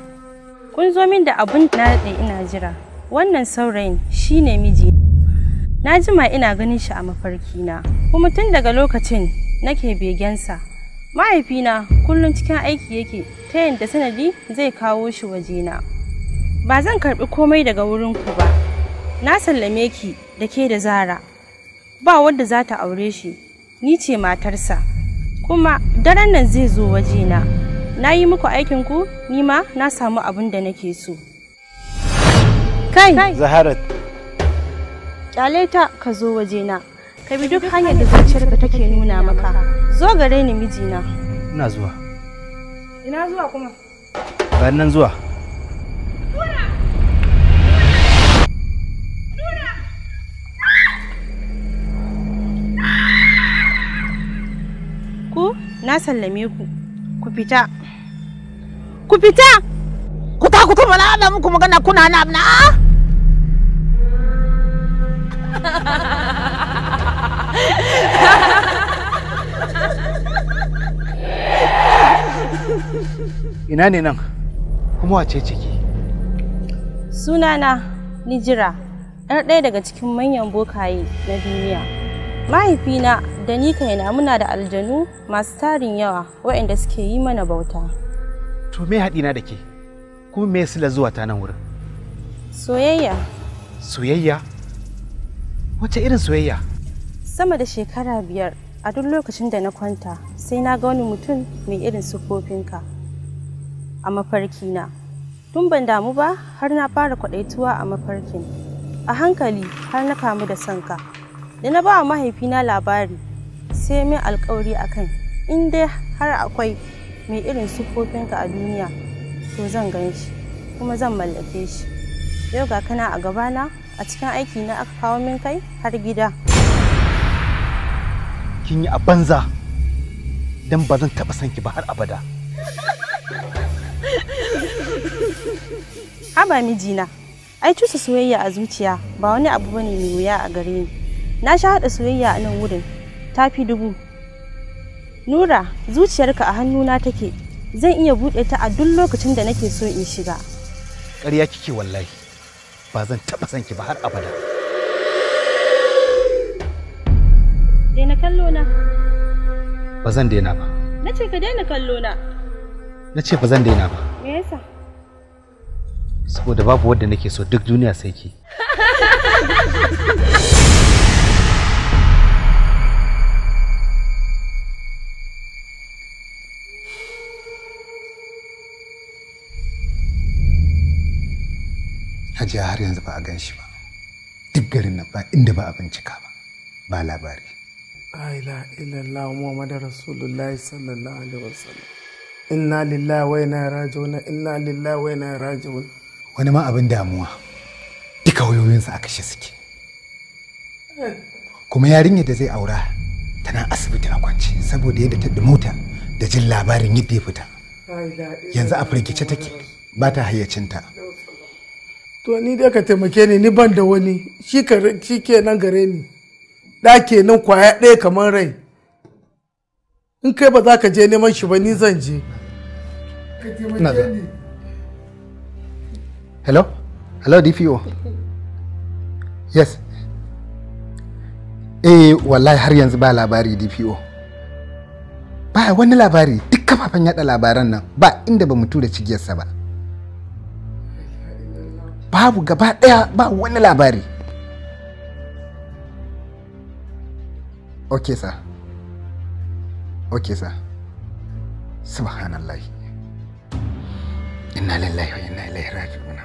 kun zo min da abun na daɗe ina jira wannan saurayin shi ne miji na jima ina ganin shi a mafarki na. kuma tun daga lokacin nake begensa mahaifina kullum cikin aiki yake ta yadda sanadi zai kawo shi wajena ba zan karɓi komai daga wurin ku ba na sallame ki da ke da zara ba wadda za ta aure shi ni ce matarsa kuma daren nan zai zo wajena. na na yi muku aikin ku ni ma na samu abin da nake so kai zaharat kyaleta ka zo wajena ka bi duk hanyar da ta take nuna maka zo gare ni mijina ina zuwa ina zuwa kuma ba nan zuwa na sallame ku ku fita ku fita ku ta ku kuma na muku magana kuna na na ah! ina ne nan kuma wace ciki sunana nijira ɗan ɗaya daga cikin manyan bokaye na duniya mahaifina da ni kaina muna da aljanu masu tarin yawa waɗanda suke yi mana bauta To me haɗina da ke? Kuma me sila zuwa ta nan wurin? Soyayya. Soyayya? Wace irin soyayya? Sama da shekara biyar a duk lokacin da na kwanta sai na ga wani mutum mai irin siffofinka a mafarkina. Tun ban damu ba har na fara kwaɗaituwa a mafarkin. A hankali har na kamu da sanka. Da na ba wa mahaifina labari sai mai alkawari akan in dai har akwai mai irin siffofinka a duniya to zan gan shi kuma zan mallake shi yau ga kana a gabana a cikin aiki na aka kawo min kai har gida kin yi a banza don ba zan taɓa sanki ba har abada haba mijina ai cusa soyayya a zuciya ba wani abu bane mai wuya a gare ni na sha haɗa soyayya a nan wurin tafi dubu Nura, zuciyarka a hannuna take, zan iya buɗe ta a duk lokacin da nake so in shiga. Ƙarya kike wallahi, ba zan taɓa son ki ba har abada. Daina kallo na. Ba zan daina ba. Na ce ka daina kallo na. Na ce ba zan daina ba. Me yasa? Saboda babu wadda nake so duk duniya sai ki. hajiya har yanzu ba a gan shi ba duk garin nan ba inda ba a bincika ba ba labari la ilallah muhammad rasulullahi sallallahu alaihi wasallam inna lillahi wa inna raji'un inna lillahi wa inna raji'un wani ma abin damuwa duka wayoyin sa aka shi suke kuma yarinya da zai aura tana asibiti a kwance saboda yadda ta mota da jin labarin yadda ya fita yanzu a firgice take ba ta hayyacinta to ni dai ka taimake ni ni ban da wani shi ke nan gare ni ɗake nan kwaya ɗaya kamar rai in kai ba za ka je neman shi ba ni zan je hello hello dpo yes eh wallahi har yanzu ba labari dpo ba wani labari duk kafafen yada labaran nan ba inda ba mutu da cigiyarsa ba babu gaba daya ba wani labari ok sa ok sa subhanallah inna lillahi wa inna ilaihi raji'un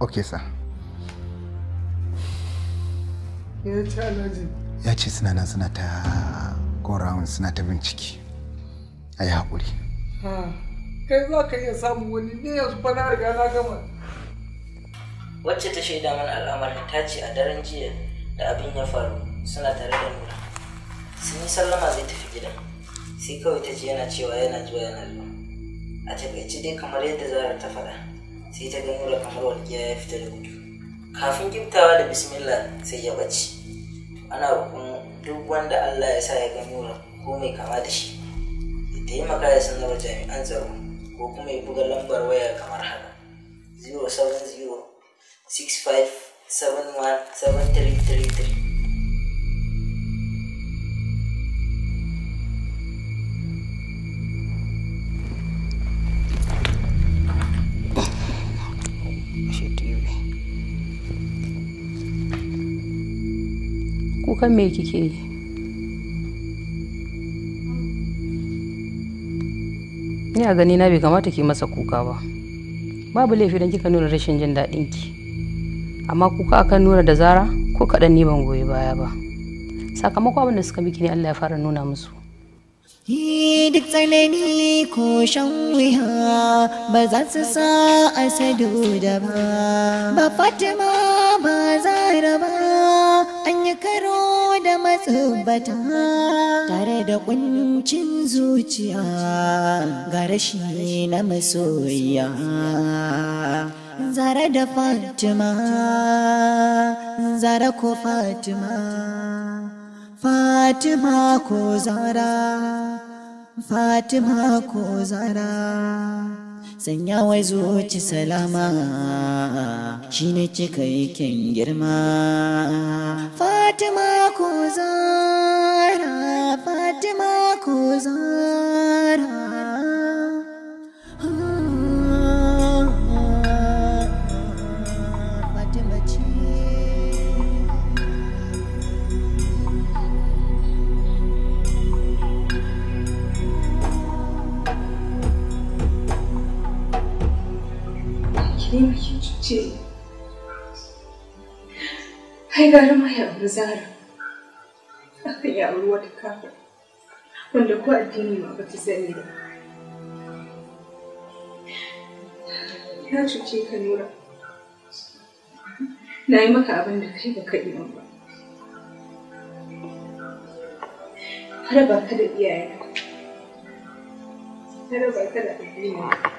ok sa ya ce suna nan suna ta go round suna ta bincike a yi haƙuri kai za ka iya samun wani ne yanzu fa na riga na gama wacce ta shaida mana al'amarin ta ce a daren jiya da abin ya faru suna tare da nura sun yi sallama zai tafi gidan sai kawai ta ji yana cewa yana zuwa yana zuwa a takaice dai kamar yadda zara ta faɗa sai ta ga nura kamar walƙiya ya fita da gudu kafin giftawa da bismillah sai ya bace ana roƙon duk wanda allah ya sa ya ga nura ko mai kama da shi ya taimaka ya sanarwa jami'an tsaro ko kuma ya buga lambar waya kamar haka 070 65 7333 me kike yi ni a gani na bai kamata ki masa kuka ba babu laifi don kika nuna rashin jin daɗin ki amma kuka akan nuna da zara ko kaɗan ni ban goyi baya ba sakamakon abin da suka miki ne Allah ya fara nuna musu duk tsanani ko shan wuya ba za su sa a sadu da ba ba fatima ba zara ba an yi karo da matsubata tare da kuncin zuciya ga rashi na masoya zara da fatima zara ko fatima fatima ko zara fatima ko zara sanya wai zuci salama shi ne cika yakin girma fatima ku zara fatima ku zara Halima kin cuce ni. Kai gara ma ya Zara. aka ya auri wata kafa. Wanda ko addini ma ba ta sani ba. Ya cuce ka Nura. Na yi maka abin da kai ba ka iya ba. Har ka da iyayen. Har ba ka da addini.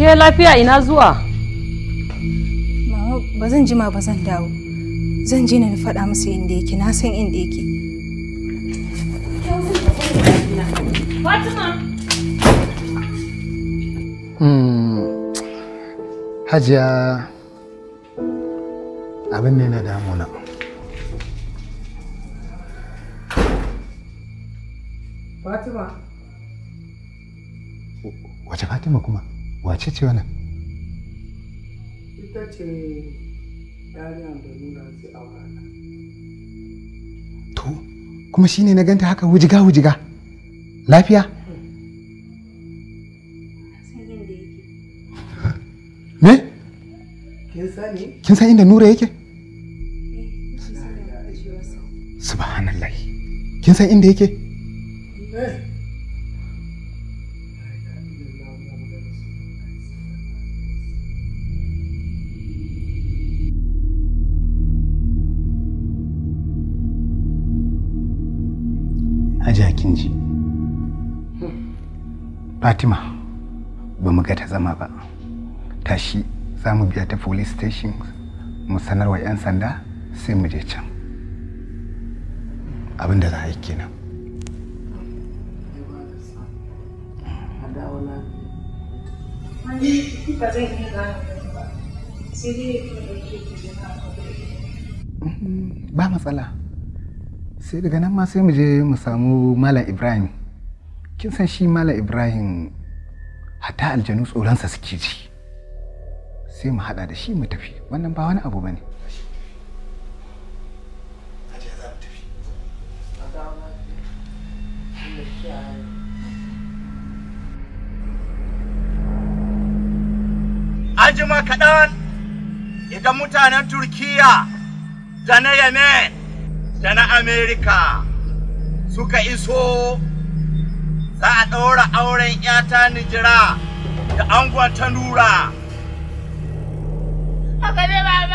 Ke lafiya ina zuwa? Mama, ba zan jima ba zan dawo. Zan je na faɗa musu inda yake, na san inda yake. Fatima! Hmm. Hajiya abin ne na damuna. Fatima! Wace Fatima kuma? wace ce wannan ita ce yarinyar da nuna zai aura to kuma shine na ganta haka wujiga wujiga lafiya me eh, kin san inda nura yake subhanallah kin san inda yake fatima ba mu ga ta zama ba tashi za mu biya ta police station mu sanarwa 'yan sanda sai mu je can abin da za a yi kenan mm-hmm. ba matsala sai daga nan ma sai mu je mu samu malam ibrahim kin san shi mala ibrahim hatta aljanu tsoronsa suke ji sai mu hada da shi mu tafi wannan ba wani abu ba ne Ajima kaɗan idan mutanen Turkiya da na Yemen da na Amerika suka iso za a ɗaura auren ‘yata nijira da angon ta nura. Haka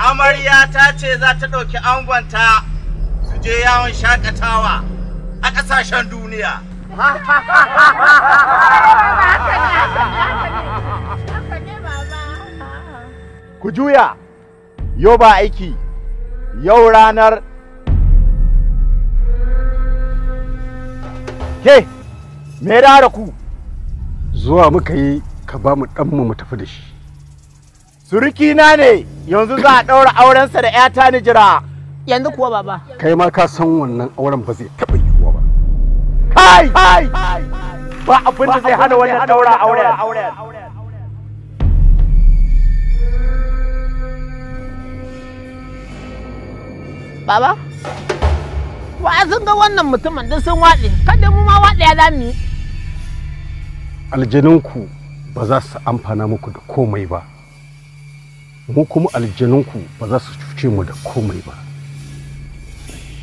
Amarya ta ce za ta ɗauki angonta su je yawon shakatawa a ƙasashen duniya. Ku juya, yau ba aiki, yau ranar. Hey! me da da ku zuwa muka yi ka ba mu dan mu tafi da shi surukina ne yanzu za a ɗaura aurensa da ƴata ni jira yanzu kuwa baba kai ma ka san wannan auren ba zai taɓa yiwuwa ba kai kai ba abin da zai hana wannan daura auren baba wa ga wannan mutumin duk sun waɗe kada mu ma waɗe ya za mu yi aljaninku ba za su amfana muku da komai ba mu kuma aljanunku ba za su cuce mu da komai ba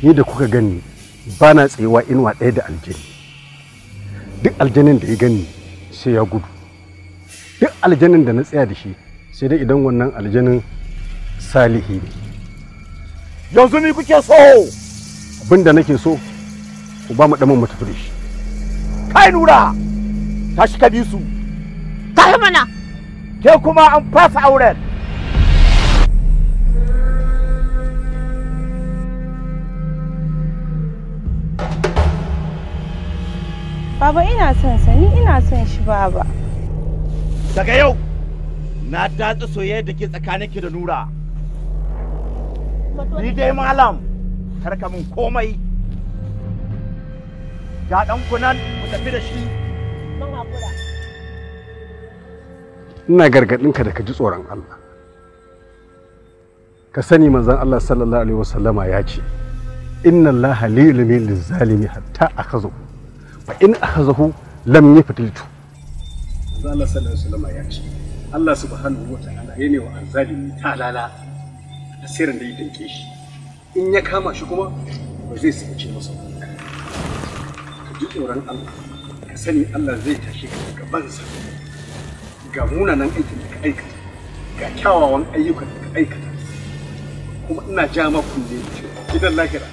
ni da kuka gani ba na tsayewa inuwa ɗaya da aljani duk aljanin da ya gani sai ya gudu duk aljanin da na tsaya da shi sai dai idan wannan aljanin salihi ne yanzu ni kuke so abinda nake so ku ba mu ɗaman mu da shi kai nura tashi ka bi su yi mana ke kuma an fasa auren Baba ina son sa ni ina son shi baba. Daga yau na datsa soyayya da ke tsakaninki da Nura. Ni dai malam karka min komai. Ga ɗan kunan mu tafi da shi ina gargaɗinka da ka ji tsoron Allah ka sani manzon Allah sallallahu alaihi wasallama ya ce inna Allah lilimin lizzalimi hatta akhazu fa in akhazahu lam yaftiltu manzon Allah sallallahu alaihi wasallama ya ce Allah subhanahu wa ta'ala ne wa azzalimi talala asirin da ya dinke shi in ya kama shi kuma ba zai ce masa ka ji tsoron Allah ka sani Allah zai tashi ka sa. ga munanan aikin da ka aikata ga kyawawan ayyukan da ka aikata kuma ina ja maku ne gidan lahira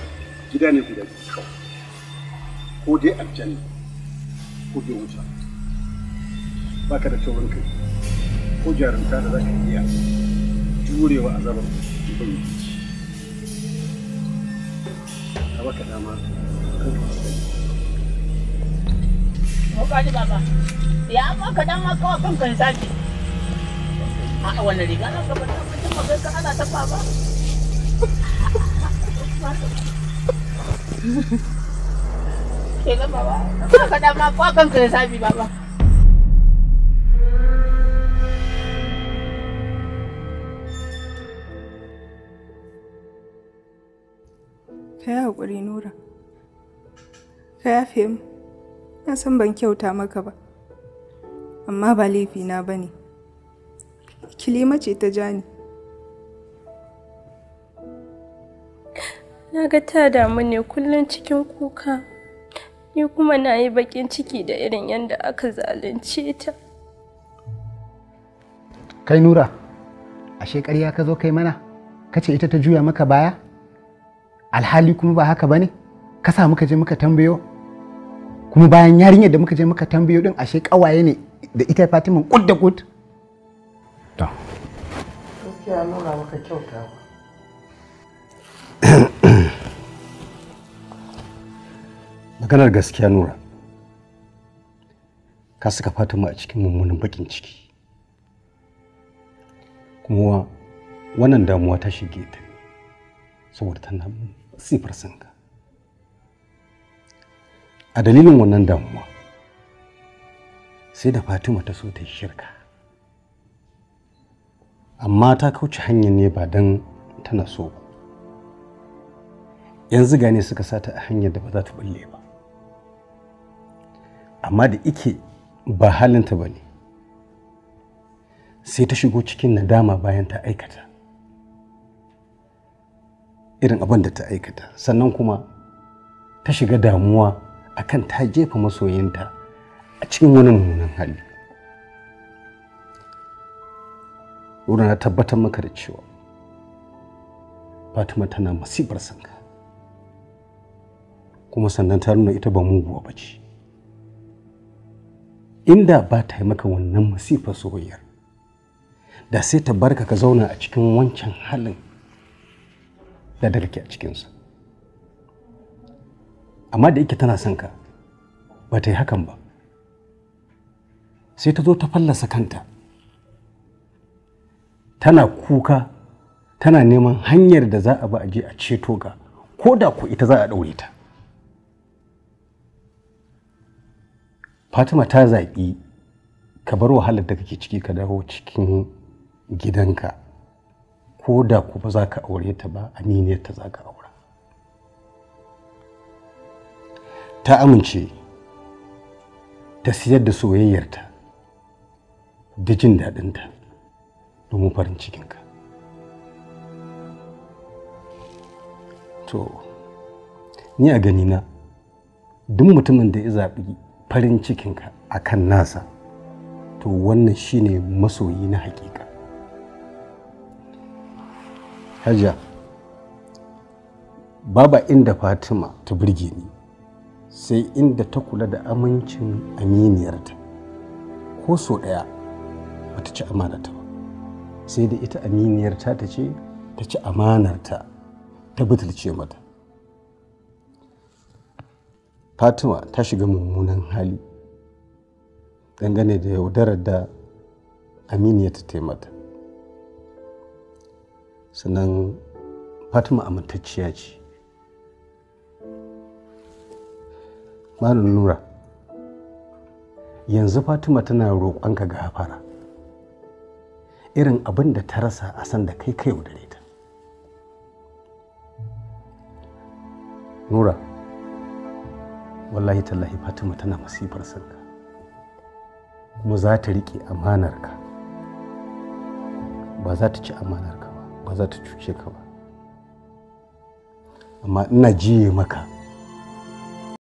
gida ne guda kawai ko dai aljanna ko dai wuta ka da taurin kai ko jarumta da za ka iya jurewa azabar ubangiji ba baka dama kanka Kokari baba. Ya amma ka dan maka wa kanka ya sake. A wannan riga na ka bata mutum magai ka ana ta baba. Ke ga baba. Ka dan maka wa kanka ya sake baba. Ka yi haƙuri Nura, ka yafe na san ban kyauta maka ba amma ba laifina ba ne kilima ce ta ja ni na ga ta damu ne kullum cikin kuka ni kuma na yi bakin ciki da irin yadda aka zalunce ta kai nura ashe ƙarya ka zo kai mana Ka ce ita ta juya maka baya alhali kuma ba haka ba ne ka sa muka je muka tambayo kuma bayan yarinyar da muka je muka tambayo din ashe kawaye ne da ita fatima kud da kud to gaskiya nuna maka kyauta maganar gaskiya nura ka saka fatima a cikin mummunan bakin ciki kuma wannan damuwa ta shige ta saboda tana sifar sanka a dalilin wannan damuwa sai da fatima ta so ta yi shirka amma ta kauce hanyar ne ba don tana so ba yanzu gane suka sata a hanyar da ba za ta bulle ba amma da ike ba halinta ba ne sai ta shigo cikin nadama bayan ta aikata irin abin da ta aikata sannan kuma ta shiga damuwa akan ta jefa masoyinta a cikin wani mummunan hali wurin na tabbatar maka da cewa fatima tana masifar sanka kuma sannan ta nuna ita ba muguwa ba ce inda ba ta yi maka wannan masifar soyayyar da sai ta barka ka zauna a cikin wancan halin da dalke a cikinsa amma da yake tana son ka ba ta yi hakan ba sai ta zo ta fallasa kanta tana kuka tana neman hanyar da za a ba a je a ceto ga ko da ku ita za a ɗaure ta fatima ta zaƙi ka bar wahalar da kake ciki ka dawo cikin gidanka ko da ku ba za ka aure ta ba aminiyar ta za ka aure ta amince ta siyar da soyayyarta da jin daɗinta domin farin cikinka to ni a ganina duk mutumin da ya zaɓi farin cikinka a kan nasa to wannan shine masoyi na hakika hajiya baba inda fatima ta birge ni sai inda ta kula da amincin aminiyarta ko so ɗaya ba ta ci amanarta ba sai da ita aminiyarta ta ce ta ci amanarta ta butulce mata fatima ta shiga mummunan hali dangane da yaudarar da aminiyarta ta mata sannan fatima amintacciya ce Malam Nura, yanzu Fatima tana roƙonka gafara. Irin abin da ta rasa a san da kai kai dare ta. Nura, wallahi tallahi Fatima tana masifar sanka. Kuma za ta riƙe amanarka. Ba za ta ci amanarka ba, ba za ta cuce ka ba. Amma ina jiye maka.